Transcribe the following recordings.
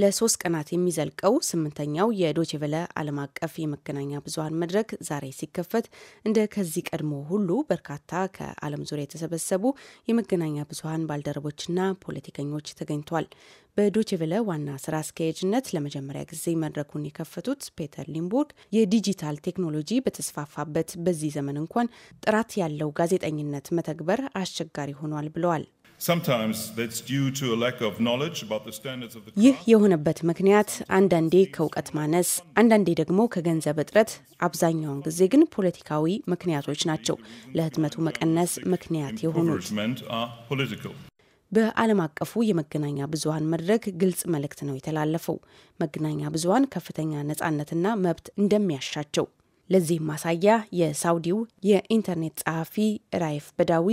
ለሶስት ቀናት የሚዘልቀው ስምንተኛው የዶችቬለ ዓለም አቀፍ የመገናኛ ብዙሀን መድረክ ዛሬ ሲከፈት እንደ ከዚህ ቀድሞ ሁሉ በርካታ ከዓለም ዙሪያ የተሰበሰቡ የመገናኛ ብዙሀን ባልደረቦችና ፖለቲከኞች ተገኝቷል። በዶችቬለ ዋና ስራ አስኪያጅነት ለመጀመሪያ ጊዜ መድረኩን የከፈቱት ፔተር ሊምቡርግ የዲጂታል ቴክኖሎጂ በተስፋፋበት በዚህ ዘመን እንኳን ጥራት ያለው ጋዜጠኝነት መተግበር አስቸጋሪ ሆኗል ብለዋል። ይህ የሆነበት ምክንያት አንዳንዴ ከእውቀት ማነስ፣ አንዳንዴ ደግሞ ከገንዘብ እጥረት፣ አብዛኛውን ጊዜ ግን ፖለቲካዊ ምክንያቶች ናቸው ለህትመቱ መቀነስ ምክንያት የሆኑት። በዓለም አቀፉ የመገናኛ ብዙሀን መድረክ ግልጽ መልእክት ነው የተላለፈው። መገናኛ ብዙሀን ከፍተኛ ነጻነትና መብት እንደሚያሻቸው ለዚህም ማሳያ የሳውዲው የኢንተርኔት ጸሐፊ ራይፍ በዳዊ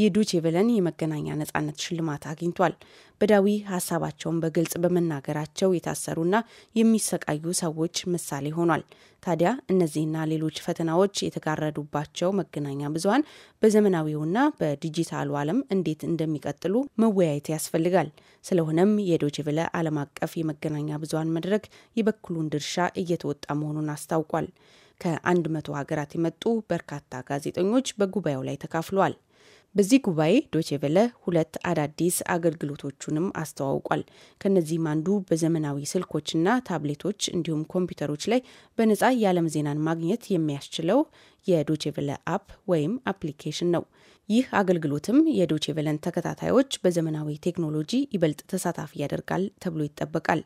የዱቼቬለን የመገናኛ ነጻነት ሽልማት አግኝቷል። በዳዊ ሀሳባቸውን በግልጽ በመናገራቸው የታሰሩና የሚሰቃዩ ሰዎች ምሳሌ ሆኗል። ታዲያ እነዚህና ሌሎች ፈተናዎች የተጋረዱባቸው መገናኛ ብዙሀን በዘመናዊውና በዲጂታሉ ዓለም እንዴት እንደሚቀጥሉ መወያየት ያስፈልጋል። ስለሆነም የዶችቬለ ዓለም አቀፍ የመገናኛ ብዙሀን መድረክ የበኩሉን ድርሻ እየተወጣ መሆኑን አስታውቋል። ከ100 ሀገራት የመጡ በርካታ ጋዜጠኞች በጉባኤው ላይ ተካፍለዋል። በዚህ ጉባኤ ዶቼቨለ ሁለት አዳዲስ አገልግሎቶቹንም አስተዋውቋል። ከነዚህም አንዱ በዘመናዊ ስልኮችና ታብሌቶች እንዲሁም ኮምፒውተሮች ላይ በነጻ የዓለም ዜናን ማግኘት የሚያስችለው የዶቼቨለ አፕ ወይም አፕሊኬሽን ነው። ይህ አገልግሎትም የዶቼቬለን ተከታታዮች በዘመናዊ ቴክኖሎጂ ይበልጥ ተሳታፊ ያደርጋል ተብሎ ይጠበቃል።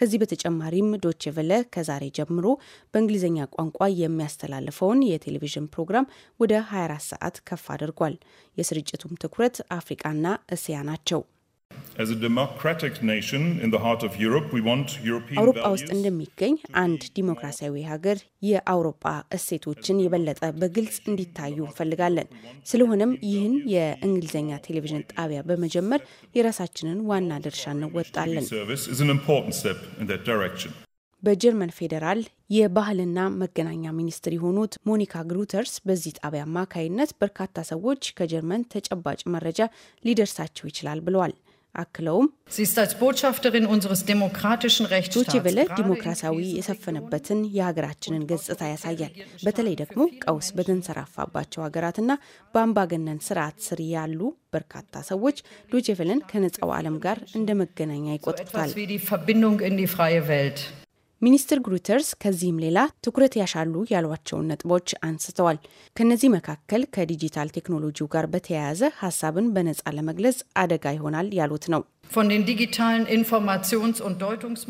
ከዚህ በተጨማሪም ዶቼቬለ ከዛሬ ጀምሮ በእንግሊዝኛ ቋንቋ የሚያስተላልፈውን የቴሌቪዥን ፕሮግራም ወደ 24 ሰዓት ከፍ አድርጓል። የስርጭቱም ትኩረት አፍሪቃና እስያ ናቸው። አውሮፓ ውስጥ እንደሚገኝ አንድ ዲሞክራሲያዊ ሀገር የአውሮፓ እሴቶችን የበለጠ በግልጽ እንዲታዩ እንፈልጋለን። ስለሆነም ይህን የእንግሊዝኛ ቴሌቪዥን ጣቢያ በመጀመር የራሳችንን ዋና ድርሻ እንወጣለን። በጀርመን ፌዴራል የባህልና መገናኛ ሚኒስትር የሆኑት ሞኒካ ግሩተርስ በዚህ ጣቢያ አማካይነት በርካታ ሰዎች ከጀርመን ተጨባጭ መረጃ ሊደርሳቸው ይችላል ብለዋል። አክለውም ዶቼ ቬለ ዲሞክራሲያዊ የሰፈነበትን የሀገራችንን ገጽታ ያሳያል። በተለይ ደግሞ ቀውስ በተንሰራፋባቸው ሀገራትና በአምባገነን ስርዓት ስር ያሉ በርካታ ሰዎች ዶቼ ቬለን ከነጻው ዓለም ጋር እንደ መገናኛ ይቆጥሩታል። ሚኒስትር ግሩተርስ ከዚህም ሌላ ትኩረት ያሻሉ ያሏቸውን ነጥቦች አንስተዋል። ከእነዚህ መካከል ከዲጂታል ቴክኖሎጂው ጋር በተያያዘ ሀሳብን በነጻ ለመግለጽ አደጋ ይሆናል ያሉት ነው።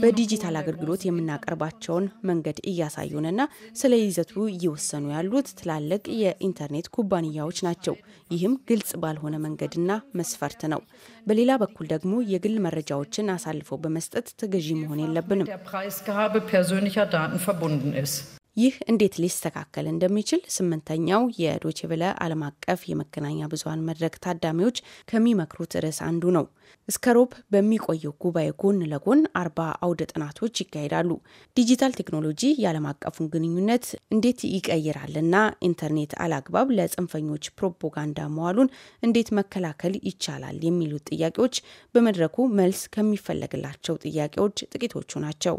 በዲጂታል አገልግሎት የምናቀርባቸውን መንገድ እያሳዩንና ስለ ይዘቱ እየወሰኑ ያሉት ትላልቅ የኢንተርኔት ኩባንያዎች ናቸው። ይህም ግልጽ ባልሆነ መንገድና መስፈርት ነው። በሌላ በኩል ደግሞ የግል መረጃዎችን አሳልፎ በመስጠት ተገዢ መሆን የለብንም። ይህ እንዴት ሊስተካከል እንደሚችል ስምንተኛው የዶችቬለ ዓለም አቀፍ የመገናኛ ብዙሀን መድረክ ታዳሚዎች ከሚመክሩት ርዕስ አንዱ ነው። እስከ ሮብ በሚቆየው ጉባኤ ጎን ለጎን አርባ አውደ ጥናቶች ይካሄዳሉ። ዲጂታል ቴክኖሎጂ የዓለም አቀፉን ግንኙነት እንዴት ይቀይራልና ኢንተርኔት አላግባብ ለጽንፈኞች ፕሮፓጋንዳ መዋሉን እንዴት መከላከል ይቻላል የሚሉት ጥያቄዎች በመድረኩ መልስ ከሚፈለግላቸው ጥያቄዎች ጥቂቶቹ ናቸው።